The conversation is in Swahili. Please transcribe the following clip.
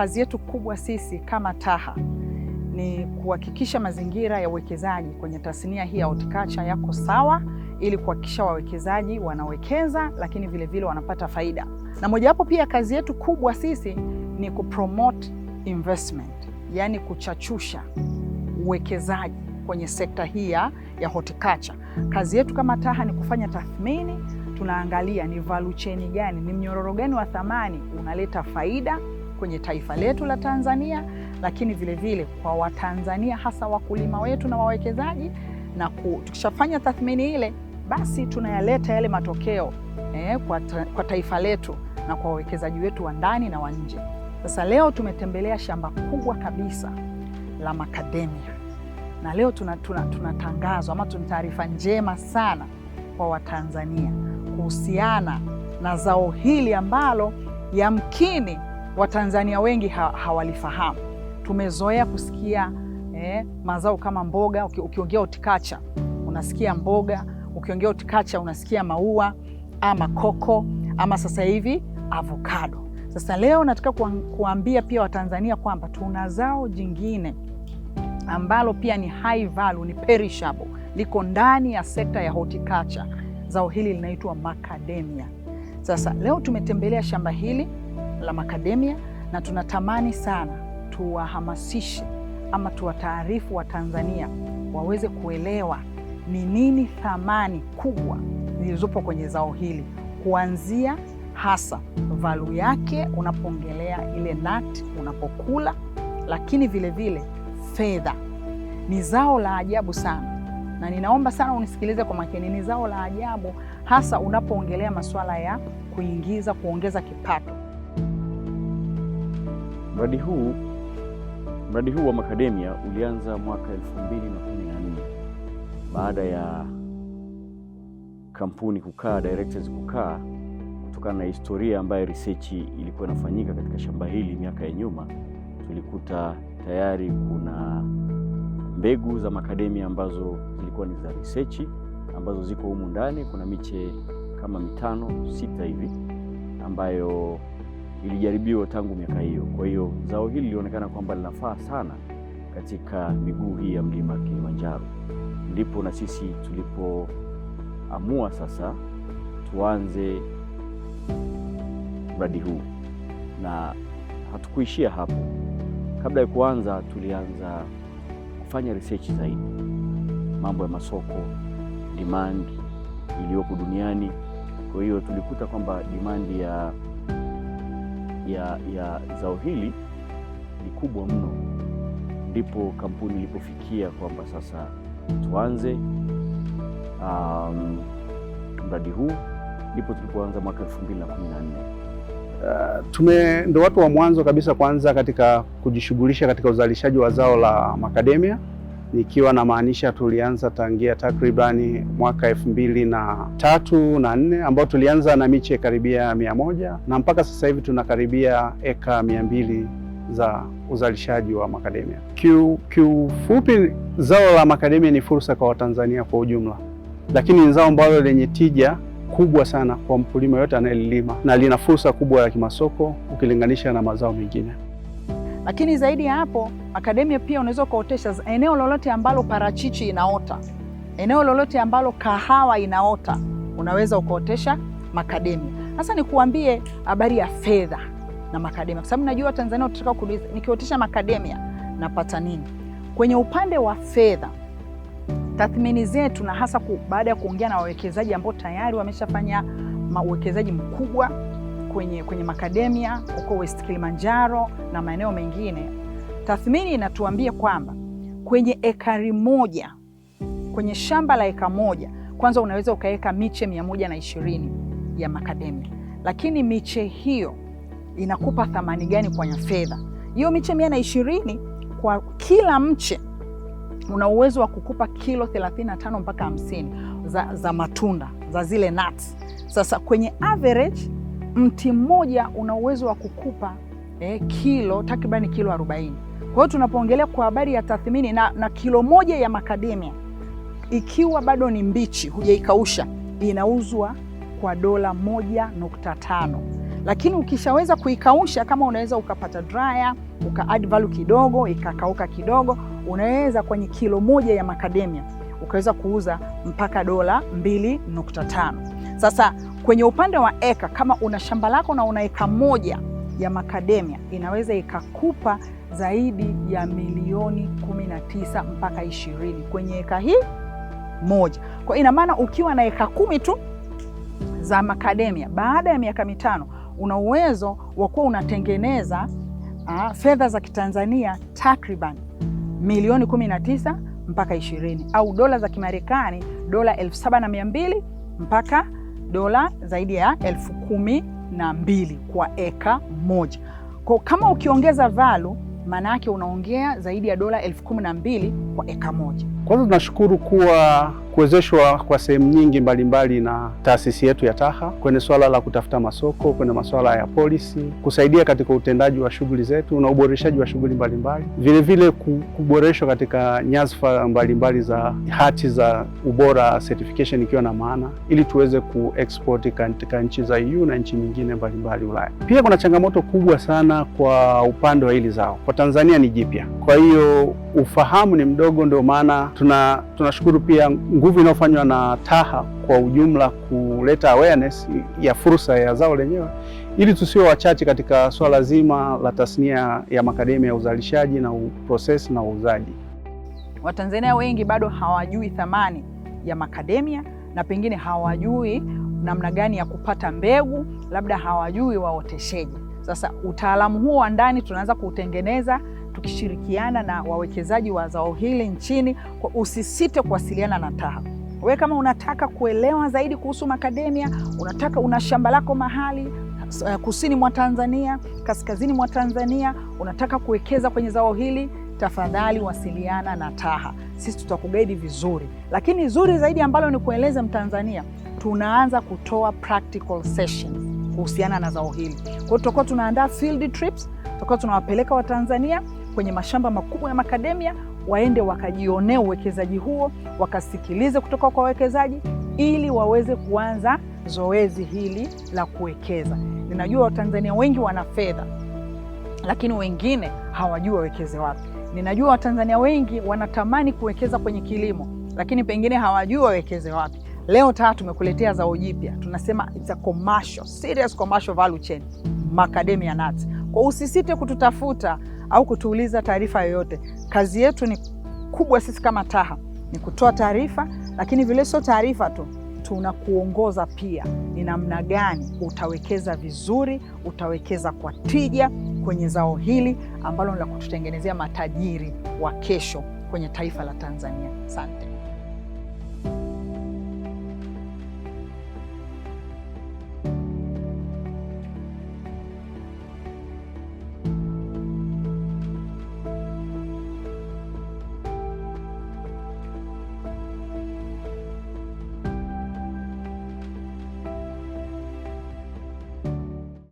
kazi yetu kubwa sisi kama TAHA ni kuhakikisha mazingira ya uwekezaji kwenye tasnia hii ya horticulture yako sawa ili kuhakikisha wawekezaji wanawekeza, lakini vilevile vile wanapata faida. Na mojawapo pia kazi yetu kubwa sisi ni kupromote investment, yaani kuchachusha uwekezaji kwenye sekta hii ya horticulture. Kazi yetu kama TAHA ni kufanya tathmini, tunaangalia ni value chain gani, ni mnyororo gani wa thamani unaleta faida kwenye taifa letu la Tanzania, lakini vilevile vile kwa Watanzania hasa wakulima wetu na wawekezaji, na tukishafanya tathmini ile, basi tunayaleta yale matokeo eh, kwa, ta, kwa taifa letu na kwa wawekezaji wetu wa ndani na wa nje. Sasa leo tumetembelea shamba kubwa kabisa la makademia na leo tunatangazwa tuna, tuna ama tuna taarifa njema sana kwa Watanzania kuhusiana na zao hili ambalo yamkini Watanzania wengi ha, hawalifahamu. Tumezoea kusikia eh, mazao kama mboga. Ukiongea utikacha unasikia mboga, ukiongea utikacha unasikia maua ama koko ama sasa hivi avocado. Sasa leo nataka kuambia pia Watanzania kwamba tuna zao jingine ambalo pia ni high value, ni perishable, liko ndani ya sekta ya horticulture. Zao hili linaitwa macadamia. Sasa leo tumetembelea shamba hili la makademia, na tunatamani sana tuwahamasishe ama tuwataarifu wa tanzania waweze kuelewa ni nini thamani kubwa zilizopo kwenye zao hili, kuanzia hasa valu yake unapoongelea ile nut unapokula, lakini vilevile fedha. Ni zao la ajabu sana na ninaomba sana unisikilize kwa makini. Ni zao la ajabu hasa unapoongelea masuala ya kuingiza, kuongeza kipato. Mradi huu mradi huu wa Macadamia ulianza mwaka 2014 baada ya kampuni kukaa, directors kukaa, kutokana na historia ambayo research ilikuwa inafanyika katika shamba hili miaka ya nyuma, tulikuta tayari kuna mbegu za Macadamia ambazo zilikuwa ni za research ambazo ziko humu ndani. Kuna miche kama mitano sita hivi ambayo ilijaribiwa tangu miaka hiyo. Kwa hiyo zao hili lilionekana kwamba linafaa sana katika miguu hii ya mlima Kilimanjaro, ndipo na sisi tulipoamua sasa tuanze mradi huu, na hatukuishia hapo. Kabla ya kuanza, tulianza kufanya research zaidi, mambo ya masoko, demand iliyoko duniani. Kwa hiyo tulikuta kwamba demand ya ya, ya zao hili ni kubwa mno, ndipo kampuni ilipofikia kwamba sasa tuanze um, mradi huu, ndipo tulipoanza mwaka nne. Uh, tume ndo watu wa mwanzo kabisa kwanza katika kujishughulisha katika uzalishaji wa zao la makademia nikiwa namaanisha tulianza tangia takribani mwaka elfu mbili na tatu na nne ambao tulianza na miche karibia mia moja na mpaka sasa hivi tunakaribia eka mia mbili za uzalishaji wa makademia Kiufupi, zao la makademia ni fursa kwa Watanzania kwa ujumla, lakini ni zao ambalo lenye tija kubwa sana kwa mkulima yote anayelilima na lina fursa kubwa ya kimasoko ukilinganisha na mazao mengine. Lakini zaidi ya hapo, akademia pia unaweza ukaotesha eneo lolote ambalo parachichi inaota, eneo lolote ambalo kahawa inaota, unaweza ukaotesha hasa Sasa nikuambie habari ya fedha na makademia kwa sababu najua Tanzania utataka kuuliza, nikiotesha makademia napata nini? Kwenye upande wa fedha, tathmini zetu na hasa baada ya kuongea na wawekezaji ambao tayari wameshafanya uwekezaji mkubwa kwenye, kwenye makademia huko West Kilimanjaro na maeneo mengine, tathmini inatuambia kwamba kwenye ekari moja, kwenye shamba la eka moja, kwanza unaweza ukaweka miche mia moja na ishirini ya makademia, lakini miche hiyo inakupa thamani gani kwenye fedha? Hiyo miche mia na ishirini kwa kila mche una uwezo wa kukupa kilo 35 mpaka 50 za, za matunda za zile nuts. Sasa kwenye average mti mmoja una uwezo wa kukupa eh, kilo takribani kilo 40. Kwa hiyo tunapoongelea kwa habari ya tathmini na, na kilo moja ya makademia ikiwa bado ni mbichi hujaikausha inauzwa kwa dola moja nukta tano lakini ukishaweza kuikausha, kama unaweza ukapata dryer uka add value kidogo ikakauka kidogo, unaweza kwenye kilo moja ya makademia ukaweza kuuza mpaka dola mbili nukta tano. Sasa kwenye upande wa eka, kama una shamba lako na una eka moja ya makademia inaweza ikakupa zaidi ya milioni 19 mpaka ishirini kwenye eka hii moja. Kwa ina maana ukiwa na eka kumi tu za makademia, baada ya miaka mitano una uwezo wa kuwa unatengeneza fedha za Kitanzania takriban milioni kumi na tisa mpaka ishirini au dola za Kimarekani dola elfu saba na mia mbili mpaka dola zaidi ya elfu kumi na mbili kwa eka moja. Kwa kama ukiongeza valu maana yake unaongea zaidi ya dola elfu kumi na mbili kwa eka moja. Kwanza tunashukuru kuwa kuwezeshwa kwa sehemu nyingi mbalimbali na taasisi yetu ya TAHA kwenye swala la kutafuta masoko, kwenye masuala ya polisi, kusaidia katika utendaji wa shughuli zetu na uboreshaji wa shughuli mbalimbali, vilevile kuboreshwa katika nyasfa mbalimbali za hati za ubora certification, ikiwa na maana ili tuweze kuexport katika nchi za EU na nchi nyingine mbalimbali Ulaya. Pia kuna changamoto kubwa sana kwa upande wa hili zao, kwa Tanzania ni jipya, kwa hiyo ufahamu ni mdogo, ndio maana tuna tunashukuru pia nguvu inayofanywa na TAHA kwa ujumla kuleta awareness ya fursa ya zao lenyewe, ili tusiwe wachache katika swala zima la tasnia ya makademia ya uzalishaji na uproses na uuzaji. Watanzania wengi bado hawajui thamani ya makademia na pengine hawajui namna gani ya kupata mbegu, labda hawajui waotesheji. Sasa utaalamu huo wa ndani tunaanza kuutengeneza tukishirikiana na wawekezaji wa zao hili nchini. Usisite kuwasiliana na TAHA. Wewe kama unataka kuelewa zaidi kuhusu makademia, unataka una shamba lako mahali eh, kusini mwa Tanzania, kaskazini mwa Tanzania, unataka kuwekeza kwenye zao hili, tafadhali wasiliana na TAHA, sisi tutakugaidi vizuri. Lakini zuri zaidi ambalo ni kueleza Mtanzania, tunaanza kutoa practical kuhusiana na zao hili. Kwa hiyo tutakuwa tunaandaa field trips, tutakuwa tunawapeleka Watanzania kwenye mashamba makubwa ya makademia, waende wakajionee uwekezaji huo, wakasikilize kutoka kwa wawekezaji ili waweze kuanza zoezi hili la kuwekeza. Ninajua Watanzania wengi wana fedha, lakini wengine hawajui wawekeze wapi. Ninajua Watanzania wengi wanatamani kuwekeza kwenye kilimo, lakini pengine hawajui wawekeze wapi. Leo taa tumekuletea zao jipya, tunasema it's a commercial, serious commercial value chain, macadamia nuts. Kwa usisite kututafuta au kutuuliza taarifa yoyote. Kazi yetu ni kubwa, sisi kama TAHA ni kutoa taarifa, lakini vile sio taarifa tu, tunakuongoza pia ni namna gani utawekeza vizuri, utawekeza kwa tija kwenye zao hili ambalo ni la kututengenezea matajiri wa kesho kwenye taifa la Tanzania. Asante.